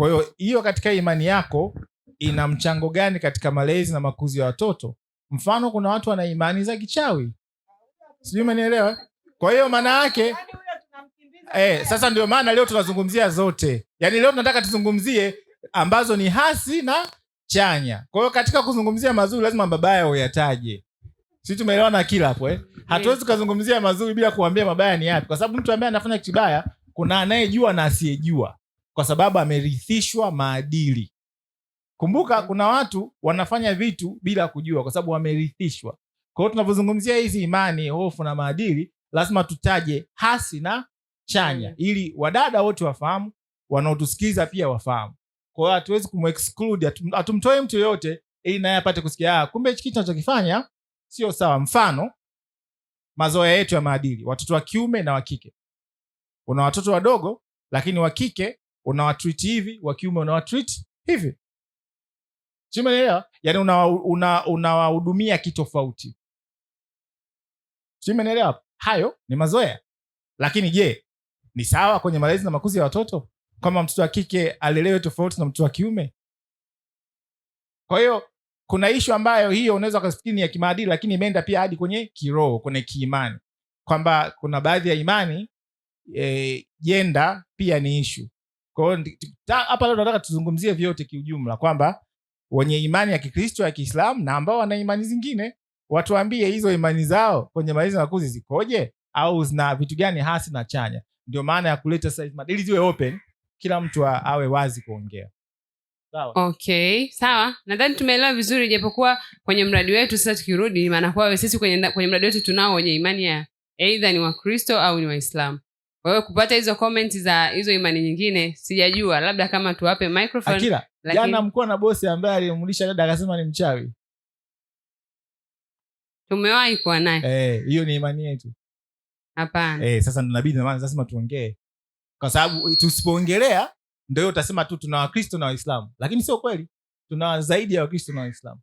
Kwa hiyo hiyo katika imani yako ina mchango gani katika malezi na makuzi ya watoto? Mfano, kuna watu wana imani za kichawi, sijui manielewa Kwa hiyo maana yake yaani eh, sasa ndio maana leo tunazungumzia zote, yaani leo tunataka tuzungumzie ambazo ni hasi na chanya. Kwa hiyo katika kuzungumzia mazuri lazima mabaya uyataje. Sisi na kila hapo eh? Hatuwezi tukazungumzia mazuri bila kuambia mabaya ni yapi, kwa sababu mtu ambaye anafanya kitu kibaya kuna anayejua na asiyejua kwa sababu amerithishwa maadili. Kumbuka mm. kuna watu wanafanya vitu bila kujua, kwa sababu wamerithishwa. Kwa hiyo tunavyozungumzia hizi imani, hofu na maadili, lazima tutaje hasi na chanya, mm. ili wadada wote wafahamu, wanaotusikiliza pia wafahamu. Kwa hiyo hatuwezi kumexclude, hatumtoi mtu yoyote, ili naye apate kusikia, ah, kumbe hichi kitu anachokifanya sio sawa. Mfano, mazoea yetu ya maadili, watoto wa kiume na wa kike. Kuna watoto wadogo, lakini wa kike unawatreat hivi, wa kiume unawatreat hivi, sio? Yani unawahudumia una, una kitofauti, sio? Hayo ni mazoea, lakini je, ni sawa kwenye malezi na makuzi ya watoto kwamba mtoto wa kike alelewe tofauti na mtoto wa kiume? Kwa hiyo kuna ishu ambayo hiyo unaweza ukafikiri ni ya kimaadili, lakini imeenda pia hadi kwenye kiroho, kwenye kiimani, kwamba kuna baadhi ya imani e, eh, jenda pia ni ishu. Kwa hiyo hapa leo tuzungumzie vyote kiujumla, kwamba wenye imani ya Kikristo ya Kiislamu na ambao wana imani zingine watuambie hizo imani zao kwenye malizi makuzi zikoje, au zina vitu gani hasi na chanya. Ndio maana ya kuleta sasa ziwe open, kila mtu awe wazi kuongea. Sawa. Okay, sawa. Nadhani tumeelewa vizuri japokuwa kwenye mradi wetu sasa tukirudi maana sisi kwenye, kwenye mradi wetu tunao wenye imani ya eidha ni Wakristo au ni Waislamu. Kwa hiyo kupata hizo comment za hizo imani nyingine sijajua, labda kama tuwape microphone. lakini jana mkuwa na bosi ambaye alimrudisha dada akasema ni mchawi, tumewahi kuwa naye eh, hiyo. eh, ni imani yetu? Hapana. eh, sasa nabidi na lazima tuongee, kwa sababu tusipoongelea ndo hiyo utasema tu tuna Wakristo na Waislamu, lakini sio kweli, tuna zaidi ya Wakristo na Waislamu.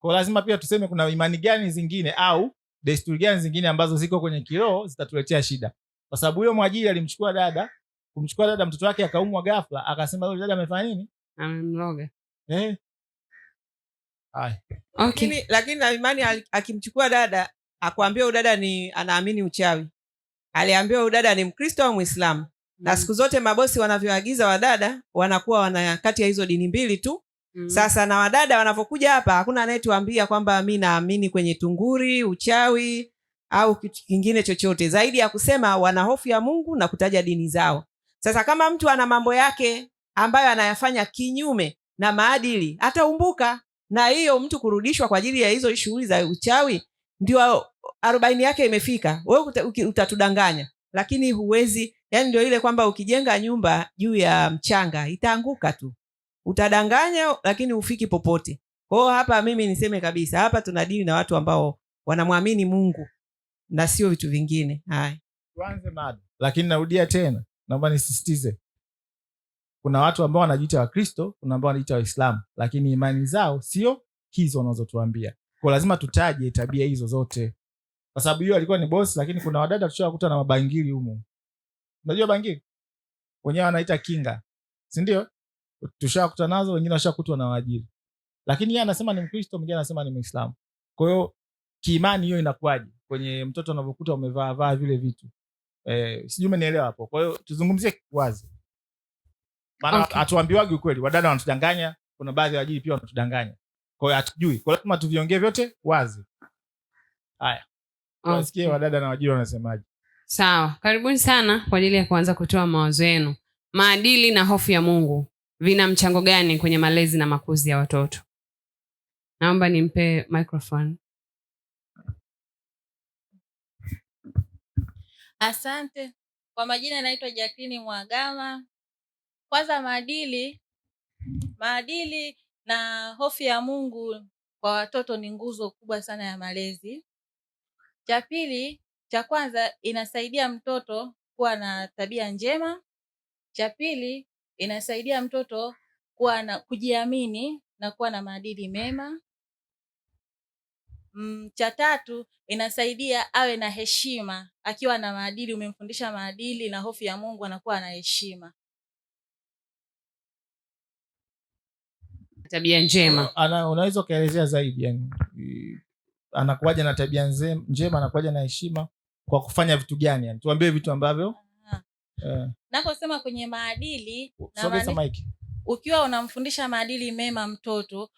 Kwa lazima pia tuseme kuna imani gani zingine au desturi gani zingine ambazo ziko kwenye kiroho zitatuletea shida kwa sababu huyo mwajiri alimchukua dada, kumchukua dada mtoto wake akaumwa ghafla, akasema yule dada amefanya nini, Amemroga. eh. Ai. Okay. Lakini, lakini na imani akimchukua dada akwambia udada ni anaamini uchawi, aliambiwa udada ni Mkristo au Mwislamu. mm. na siku zote mabosi wanavyoagiza wadada wanakuwa wana kati ya hizo dini mbili tu. mm. Sasa na wadada wanavyokuja hapa, hakuna anayetuambia kwamba mi naamini kwenye tunguri, uchawi au kitu kingine chochote zaidi ya kusema wana hofu ya Mungu na kutaja dini zao. Sasa kama mtu ana mambo yake ambayo anayafanya kinyume na maadili, ataumbuka na hiyo. Mtu kurudishwa kwa ajili ya hizo shughuli za uchawi, ndio arobaini yake imefika. Wewe utatudanganya, lakini huwezi. Yani ndio ile kwamba ukijenga nyumba juu ya mchanga itaanguka tu, utadanganya lakini ufiki popote. Kwa hapa mimi niseme kabisa, hapa tuna tunadili na watu ambao wanamwamini Mungu na sio vitu vingine. Haya, tuanze mada, lakini narudia tena, naomba nisisitize, kuna watu ambao wanajiita Wakristo, kuna ambao wanajiita Waislamu, lakini imani zao sio hizo wanazotuambia. ko lazima tutaje tabia hizo zote, kwa sababu hiyo alikuwa ni bosi, lakini kuna wadada tushawakuta na mabangili humo Unajua bangili wenyewe wanaita kinga, sindio ndio? Tushakuta nazo, wengine washakutwa na waajiri, lakini yeye anasema ni Mkristo, mwingine anasema ni Mwislamu. kwahiyo kiimani hiyo inakuwaje? kwenye mtoto anavyokuta umevaa vaa vile vitu eh, sijui umenielewa hapo. Kwa hiyo tuzungumzie wazi, maana hatuambiwagi okay. Ukweli wadada wanatudanganya, kuna baadhi ya wajili pia wanatudanganya, kwa hiyo hatujui, kwa lazima tuviongee vyote wazi. Haya, wasikie okay. wadada na wajili wanasemaje. Sawa, karibuni sana kwa ajili ya kuanza kutoa mawazo yenu. Maadili na hofu ya Mungu vina mchango gani kwenye malezi na makuzi ya watoto? Naomba nimpe microphone Asante. Kwa majina naitwa Jacqueline Mwagama. Kwanza maadili, maadili na hofu ya Mungu kwa watoto ni nguzo kubwa sana ya malezi. Cha pili, cha kwanza inasaidia mtoto kuwa na tabia njema. Cha pili, inasaidia mtoto kuwa na kujiamini na kuwa na maadili mema. Mm, cha tatu inasaidia awe na heshima, akiwa na maadili, umemfundisha maadili na hofu ya Mungu, anakuwa na heshima. Tabia njema ana, unaweza ukaelezea zaidi yani, anakuwaja na tabia njema, anakuwaja na heshima kwa kufanya vitu gani? Yani tuambie vitu ambavyo eh, nakosema kwenye maadili na maadili, ukiwa unamfundisha maadili mema mtoto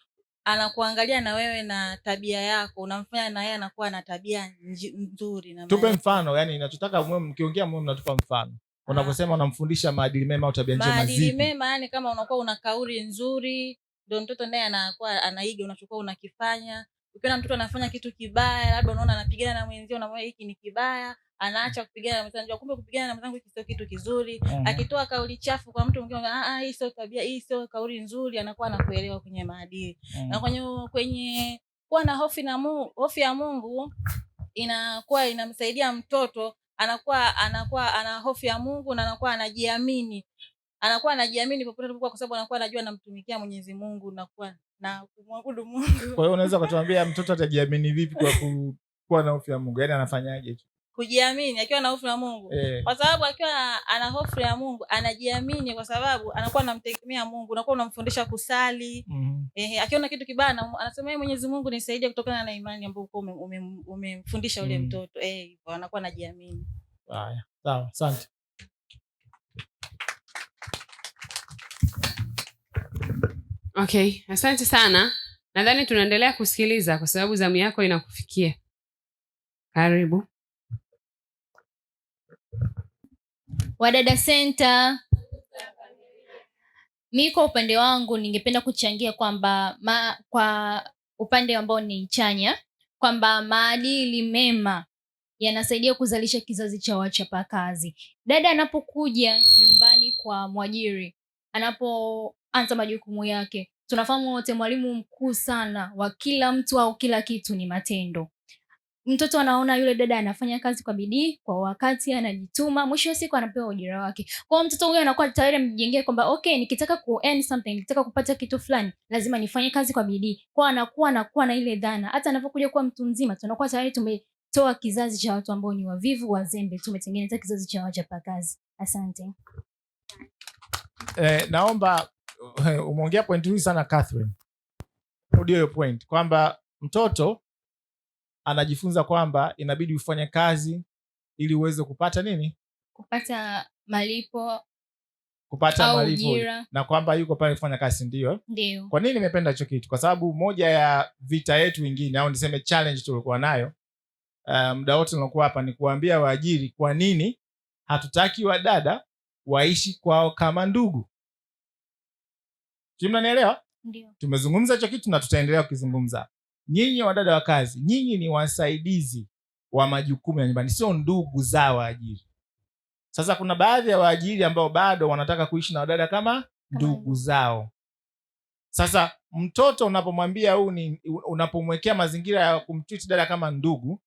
anakuangalia na wewe na tabia yako unamfanya na yeye anakuwa na tabia nzuri. Na tupe mfano, yani inachotaka mwe mkiongea mwe mnatupa mfano ah. unaposema unamfundisha maadili mema au tabia njema. Maadili mema yani kama unakuwa una kauli nzuri, ndio mtoto naye anakuwa anaiga unachokuwa unakifanya ukiona mtoto anafanya kitu kibaya, labda unaona anapigana na mwenzio, unamwona hiki ni kibaya, anaacha kupigana na mwenzangu, kumbe kupigana na mwenzangu sio kitu kizuri. mm. Akitoa kauli chafu kwa mtu mwingine, ah, hii sio tabia, hii sio kauli nzuri, anakuwa anakuelewa kwenye maadili mm. na kwenye kwenye kuwa na hofu na Mungu, hofu ya Mungu inakuwa inamsaidia mtoto, anakuwa anakuwa ana hofu ya Mungu na anakuwa anajiamini, anakuwa anajiamini popote, kwa sababu anakuwa anajua anamtumikia Mwenyezi Mungu na kuwa na kumwabudu Mungu. Kwa hiyo unaweza kutuambia mtoto atajiamini vipi kwa kuwa na hofu ya Mungu? Yaani anafanyaje? Kujiamini akiwa na hofu ya Mungu eh. Kwa sababu akiwa ana hofu ya Mungu anajiamini, kwa sababu anakuwa anamtegemea Mungu, unakuwa unamfundisha kusali mm. hmm Eh, akiona kitu kibaya anasema yeye, Mwenyezi Mungu nisaidie, kutokana na imani ambayo umemfundisha ume, ume ule mm. hmm mtoto eh, anakuwa anajiamini. Haya, sawa, asante. okay asante sana nadhani tunaendelea kusikiliza kwa sababu zamu yako inakufikia karibu wadada senta mi kwa upande wangu ningependa kuchangia kwamba kwa upande ambao ni chanya kwamba maadili mema yanasaidia kuzalisha kizazi cha wachapakazi dada anapokuja nyumbani kwa mwajiri anapo anza majukumu yake. Tunafahamu wote, mwalimu mkuu sana wa kila mtu au kila kitu ni matendo. Mtoto anaona yule dada anafanya kazi kwa bidii, kwa wakati, anajituma, mwisho wa siku anapewa ujira wake. Kwa hiyo mtoto huyo anakuwa tayari amejengea kwamba okay, nikitaka ku earn something, nikitaka kupata kitu fulani, lazima nifanye kazi kwa bidii. Kwa anakuwa anakuwa na ile dhana, hata anapokuja kuwa mtu mzima, tunakuwa tayari tumetoa kizazi cha watu ambao ni wavivu, wazembe, tumetengeneza kizazi cha wachapakazi. Asante. Eh, naomba umeongea point nzuri sana Catherine, rudi hiyo point kwamba mtoto anajifunza kwamba inabidi ufanye kazi ili uweze kupata nini, kupata malipo, kupata malipo na kwamba yuko pale kufanya kazi. Ndio, ndio kwa nini nimependa hicho kitu, kwa sababu moja ya vita yetu wengine, au niseme challenge tulikuwa nayo eh, muda um, wote nilikuwa hapa ni kuambia waajiri kwa nini hatutaki wadada waishi kwao kama ndugu Sijui mnanielewa? Ndio. Tumezungumza hicho kitu na tutaendelea kukizungumza. Nyinyi wadada wa kazi, nyinyi ni wasaidizi wa majukumu ya nyumbani, sio ndugu za waajiri. Sasa kuna baadhi ya waajiri ambao bado wanataka kuishi na wadada kama ndugu zao. Sasa mtoto unapomwambia huu ni unapomwekea mazingira ya kumtreat dada kama ndugu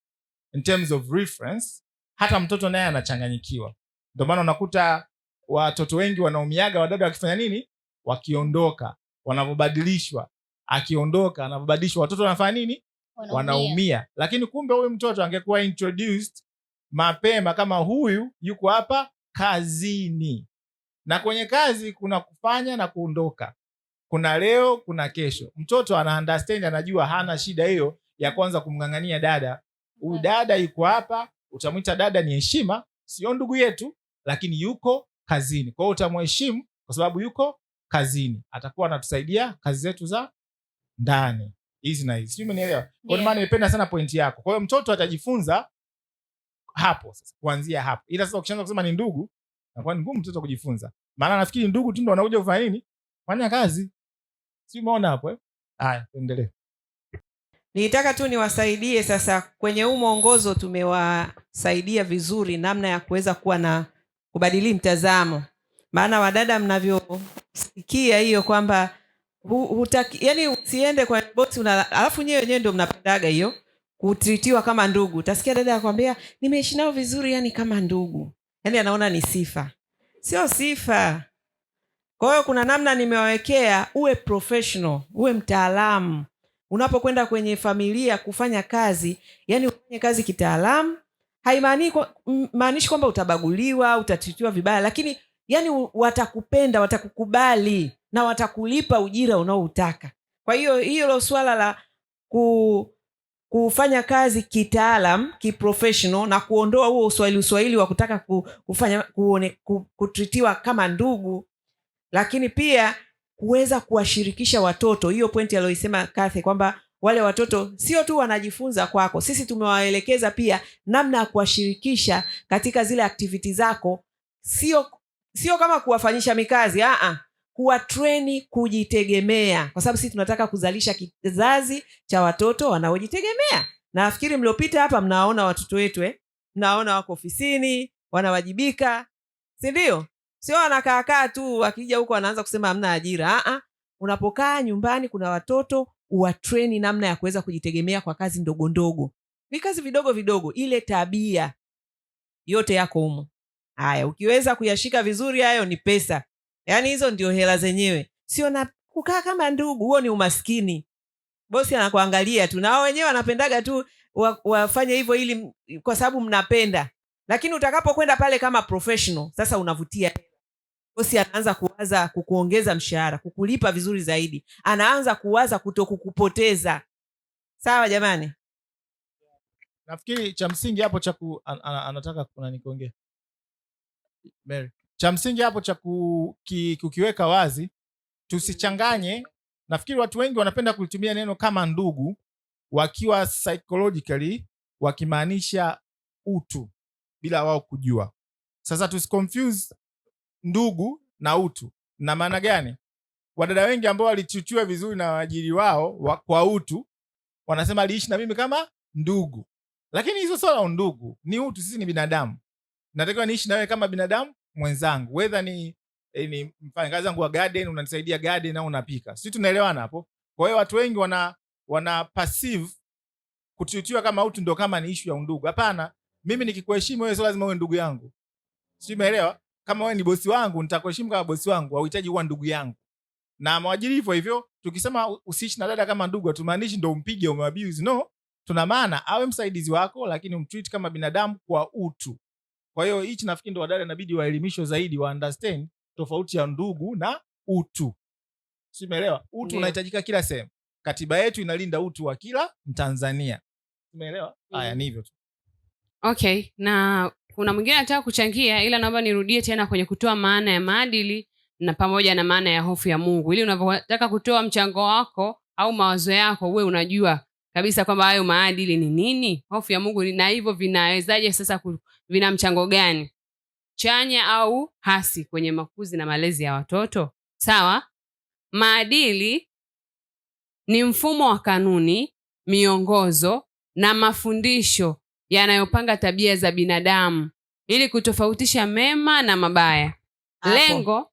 in terms of reference, hata mtoto naye anachanganyikiwa. Ndio maana unakuta watoto wengi wanaumiaga wadada wakifanya nini, wakiondoka, wanavyobadilishwa, akiondoka, anavyobadilishwa, watoto wanafanya nini? Wanaumia, Lakini kumbe huyu mtoto angekuwa introduced mapema kama huyu yuko hapa kazini, na kwenye kazi kuna kufanya na kuondoka, kuna leo, kuna kesho. Mtoto ana understand, anajua hana shida hiyo ya kwanza kumng'ang'ania dada. Huyu dada yuko hapa, utamwita dada ni heshima, sio ndugu yetu, lakini yuko kazini. Kwa hiyo utamheshimu kwa sababu yuko kazini, atakuwa anatusaidia kazi zetu za ndani hizi na hizi, sijui umenielewa? Kwa maana nimependa sana pointi yako. Kwa hiyo mtoto atajifunza hapo sasa, kuanzia hapo. Ila sasa ukishaanza kusema ni ndugu, inakuwa ni ngumu mtoto kujifunza, maana nafikiri ndugu tu ndo wanakuja kufanya nini, fanya kazi, sijui umeona hapo eh? Haya, tuendelee. Nilitaka tu niwasaidie sasa, kwenye huu mwongozo tumewasaidia vizuri namna ya kuweza kuwa na kubadili mtazamo maana wadada mnavyosikia hiyo kwamba yani usiende kwa bosi alafu nyewe wenyewe ndo mnapendaga hiyo kutritiwa kama ndugu. Utasikia dada akwambia nimeishi nao vizuri, yani kama ndugu, yani anaona ni sifa, sio sifa. Kwa hiyo kuna namna nimewawekea, uwe professional, uwe mtaalamu unapokwenda kwenye familia kufanya kazi, yani ufanye kazi kitaalamu. Haimaanishi kwamba utabaguliwa, utatitiwa vibaya, lakini yani watakupenda, watakukubali na watakulipa ujira unaoutaka. Kwa hiyo lo swala la ku, kufanya kazi kitaalam kiprofessional na kuondoa huo uswahili uswahili wa kutaka kufanya kuone, kutritiwa kama ndugu, lakini pia kuweza kuwashirikisha watoto. Hiyo pointi aliyoisema Kathe kwamba wale watoto sio tu wanajifunza kwako, sisi tumewaelekeza pia namna ya kuwashirikisha katika zile aktiviti zako, sio sio kama kuwafanyisha mikazi aa, kuwatreni kujitegemea, kwa sababu sisi tunataka kuzalisha kizazi cha watoto wanaojitegemea. Nafikiri mliopita hapa mnaona watoto wetu eh? Mnaona wako ofisini, wanawajibika, si ndio? Sio wanakaakaa tu, akija huko anaanza kusema hamna ajira. Aa, unapokaa nyumbani, kuna watoto uwatreni namna ya kuweza kujitegemea kwa kazi ndogo ndogo, vikazi vidogo vidogo, ile tabia yote yako humo. Haya, ukiweza kuyashika vizuri hayo ni pesa, yaani hizo ndio hela zenyewe, sio na kukaa kama ndugu. Huo ni umaskini, bosi anakuangalia tu, na wao wenyewe wanapendaga tu wa, wafanye hivyo ili kwa sababu mnapenda, lakini utakapokwenda pale kama professional sasa unavutia bosi anaanza kuwaza kukuongeza mshahara, kukulipa vizuri zaidi, anaanza kuwaza kutokukupoteza Sawa jamani, nafikiri cha msingi hapo cha anataka kuna nikuongea cha msingi hapo cha kukiweka wazi, tusichanganye. Nafikiri watu wengi wanapenda kulitumia neno kama ndugu, wakiwa psychologically wakimaanisha utu bila wao kujua. Sasa tusiconfuse ndugu na utu. Na maana gani? Wadada wengi ambao walichuchua vizuri na waajiri wao wa, kwa utu wanasema aliishi na mimi kama ndugu, lakini hizo sio la ndugu, ni utu. Sisi ni binadamu natakiwa niishi nawe kama binadamu mwenzangu, wedha ni E, ni mfanyakazi wangu wa garden, unanisaidia garden au unapika, si tunaelewana hapo? Kwa hiyo watu wengi wana wana perceive kutiutiwa kama utu ndo kama ni ishu ya undugu. Hapana, mimi nikikuheshimu wewe, sio lazima uwe ndugu yangu, si umeelewa? Kama wewe ni bosi wangu, nitakuheshimu kama bosi wangu, hauhitaji kuwa ndugu yangu. Na mwajiri hivyo hivyo, tukisema usiishi na dada kama ndugu, atumaanishi ndo umpige, umwabuse, no. Tuna maana awe msaidizi wako, lakini umtreat kama binadamu kwa utu. Kwa hiyo hichi nafikiri ndo wadada inabidi waelimishwe zaidi, wa understand tofauti ya ndugu na utu. Simeelewa, utu unahitajika kila sehemu. Katiba yetu inalinda utu wa kila Mtanzania. Umeelewa? Haya, ni hivyo tu. Okay, na kuna mwingine anataka kuchangia, ila naomba nirudie tena kwenye kutoa maana ya maadili na pamoja na maana ya hofu ya Mungu, ili unavyotaka kutoa mchango wako au mawazo yako, uwe unajua kabisa kwamba hayo maadili ni nini, hofu ya Mungu na hivyo vinawezaje sasa, vina mchango gani chanya au hasi kwenye makuzi na malezi ya watoto. Sawa, maadili ni mfumo wa kanuni, miongozo na mafundisho yanayopanga tabia za binadamu ili kutofautisha mema na mabaya. Apo. Lengo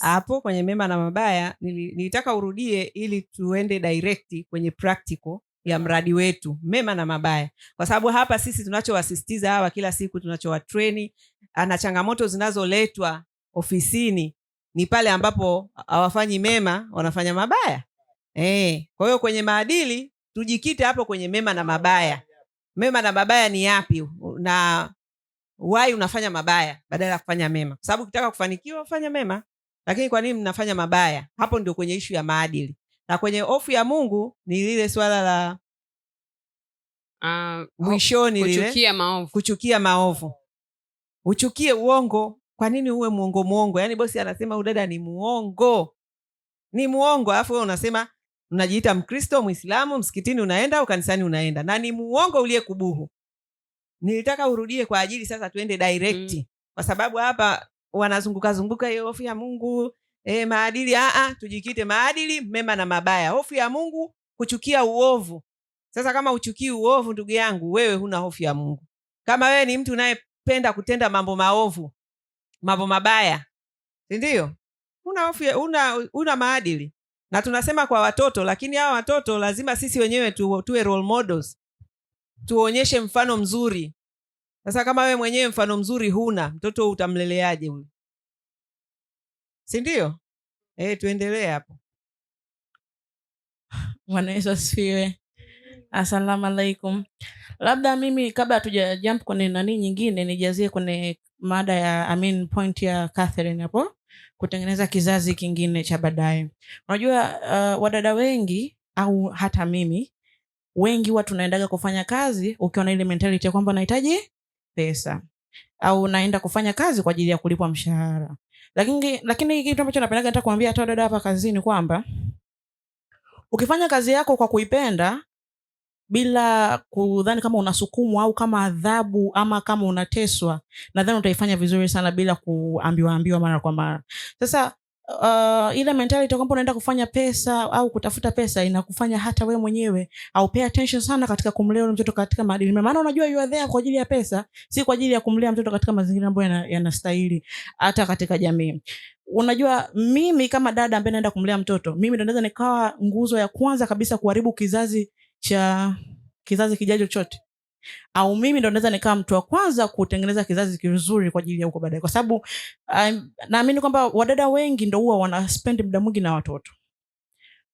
hapo yes. Kwenye mema na mabaya nilitaka urudie ili tuende direct kwenye practical ya mradi wetu mema na mabaya, kwa sababu hapa sisi tunachowasisitiza hawa kila siku tunachowatreni na changamoto zinazoletwa ofisini ni pale ambapo hawafanyi mema, wanafanya mabaya eh. Kwa hiyo kwenye maadili tujikite hapo kwenye mema na mabaya. Mema na mabaya ni yapi na wai unafanya mabaya badala ya kufanya mema, kwa sababu ukitaka kufanikiwa ufanya mema. Lakini kwa nini mnafanya mabaya? Hapo ndio kwenye ishu ya maadili, na kwenye hofu ya Mungu ni lile swala la uh, mwishoni kuchukia lile maovu. Kuchukia maovu, uchukie uongo. Kwa nini uwe mwongo mwongo? Yaani bosi anasema udada ni muongo, ni muongo, alafu wewe unasema unajiita Mkristo, Mwislamu, msikitini unaenda au kanisani unaenda, na ni muongo kubuhu Nilitaka urudie kwa ajili sasa, tuende direkti mm. kwa sababu hapa wanazunguka zunguka hiyo hofu ya Mungu e, maadili. Aa, ah, ah, tujikite maadili mema na mabaya, hofu ya Mungu, kuchukia uovu. Sasa kama uchukii uovu, ndugu yangu, wewe huna hofu ya Mungu. Kama wewe ni mtu unayependa kutenda mambo maovu, mambo mabaya, ndio? Una hofu, una, una maadili. Na tunasema kwa watoto, lakini hawa watoto lazima sisi wenyewe tu, tuwe role models, tuonyeshe mfano mzuri sasa kama wewe mwenyewe mfano mzuri huna, mtoto utamleleaje huyu? Si ndio? Eh, tuendelee hapo. Bwana Yesu asifiwe. Asalamu alaikum. Labda mimi kabla hatuja jump kwenye nani nyingine, nijazie kwenye mada ya I mean point ya Catherine hapo, kutengeneza kizazi kingine cha baadaye. Unajua uh, wadada wengi au hata mimi wengi huwa tunaendaga kufanya kazi ukiwa na ile mentality ya kwamba unahitaji pesa au unaenda kufanya kazi kwa ajili ya kulipwa mshahara. Lakini lakini kitu ambacho napendaga nataka kuambia hata dada hapa kazini kwamba ukifanya kazi yako kwa kuipenda bila kudhani kama unasukumwa au kama adhabu ama kama unateswa, nadhani utaifanya vizuri sana bila kuambiwaambiwa mara kwa mara. Sasa uh, ile mentality kwamba unaenda kufanya pesa au kutafuta pesa inakufanya hata we mwenyewe au pay attention sana katika kumlea mtoto katika maadili mema, maana unajua you are there kwa ajili ya pesa, si kwa ajili ya kumlea mtoto katika mazingira ambayo yanastahili hata katika jamii. Unajua, mimi kama dada ambaye naenda kumlea mtoto, mimi ndo naweza nikawa nguzo ya kwanza kabisa kuharibu kizazi cha kizazi kijacho chote au mimi ndo naweza nikawa mtu wa kwanza kutengeneza kizazi kizuri kwa ajili ya huko baadaye, kwa sababu um, naamini kwamba wadada wengi ndo huwa wana spend muda mwingi na watoto.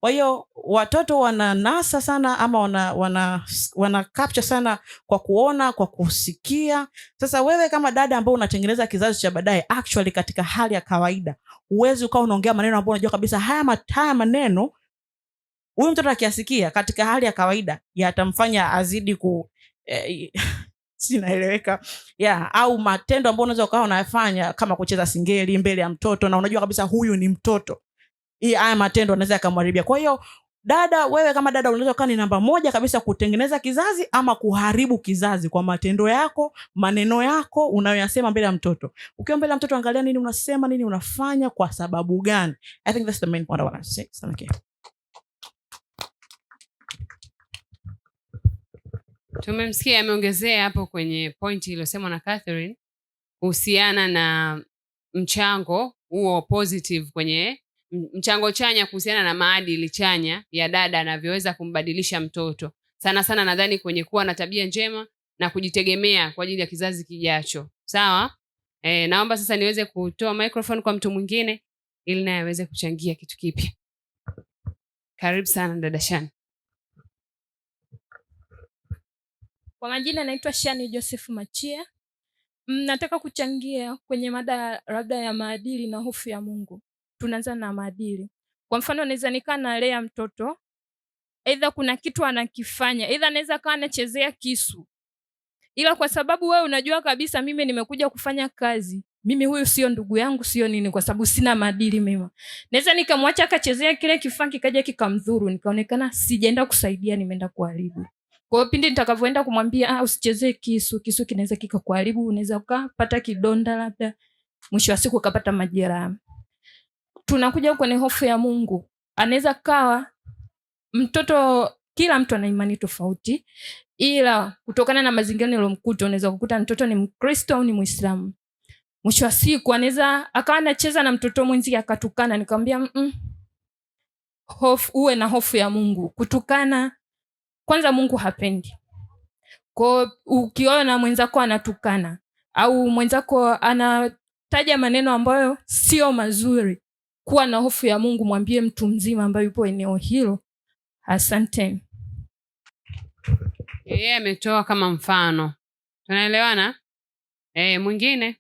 Kwa hiyo watoto wananasa sana ama wana, wana, wana capture sana kwa kuona, kwa kusikia. Sasa wewe kama dada ambao unatengeneza kizazi cha baadaye, actually katika hali ya kawaida huwezi ukawa unaongea maneno ambayo unajua kabisa haya, haya maneno huyu mtoto akiasikia katika hali ya kawaida yatamfanya azidi ku eh, sinaeleweka yeah, au matendo ambayo unaweza ukawa unayafanya kama kucheza singeli mbele ya mtoto na unajua kabisa huyu ni mtoto, hii haya matendo anaweza yakamharibia. Kwa hiyo dada, wewe kama dada unaweza ukawa ni namba moja kabisa kutengeneza kizazi ama kuharibu kizazi kwa matendo yako, maneno yako unayoyasema mbele ya mtoto. Ukiwa mbele ya mtoto, angalia nini unasema, nini unafanya, kwa sababu gani. I think that's the main point I want to say. Tumemsikia ameongezea hapo kwenye pointi iliyosemwa na Catherine kuhusiana na mchango huo positive kwenye mchango chanya kuhusiana na maadili chanya ya dada anavyoweza kumbadilisha mtoto sana sana, nadhani kwenye kuwa na tabia njema na kujitegemea kwa ajili ya kizazi kijacho. Sawa. E, naomba sasa niweze kutoa microphone kwa mtu mwingine ili naye aweze kuchangia kitu kipya. Karibu sana dada Shani. Kwa majina naitwa Shani Joseph Machia. Mm, nataka kuchangia kwenye mada labda ya maadili na hofu ya Mungu. Tunaanza na maadili. Kwa mfano, naweza nikaa nalea mtoto, aidha kuna kitu anakifanya, aidha anaweza kawa anachezea kisu, ila kwa sababu wewe unajua kabisa mimi nimekuja kufanya kazi, mimi huyu sio ndugu yangu, sio nini, kwa sababu sina maadili mema. Naweza nikamwacha akachezea kile kifaa, kikaja kikamdhuru, nikaonekana sijaenda kusaidia, nimeenda kuharibu. Kwa hiyo pindi nitakavyoenda kumwambia ah, usichezee kisu, kisu kinaweza kikakuharibu, unaweza ukapata kidonda, labda mwisho wa siku ukapata majeraha. Tunakuja kwenye hofu ya Mungu, anaweza kawa mtoto kila mtu ana imani tofauti, ila kutokana na mazingira nilomkuta, unaweza kukuta mtoto ni Mkristo au ni Mwislamu. Mwisho wa siku anaweza akawa anacheza na mtoto mwenzi akatukana. Nikamwambia mm -mm. Hofu, uwe na hofu ya Mungu. Kutukana kwanza Mungu hapendi kwao. Ukiona mwenzako anatukana au mwenzako anataja maneno ambayo sio mazuri, kuwa na hofu ya Mungu, mwambie mtu mzima ambaye yupo eneo hilo asante. Yeye ametoa kama mfano, tunaelewana. hey, eh, mwingine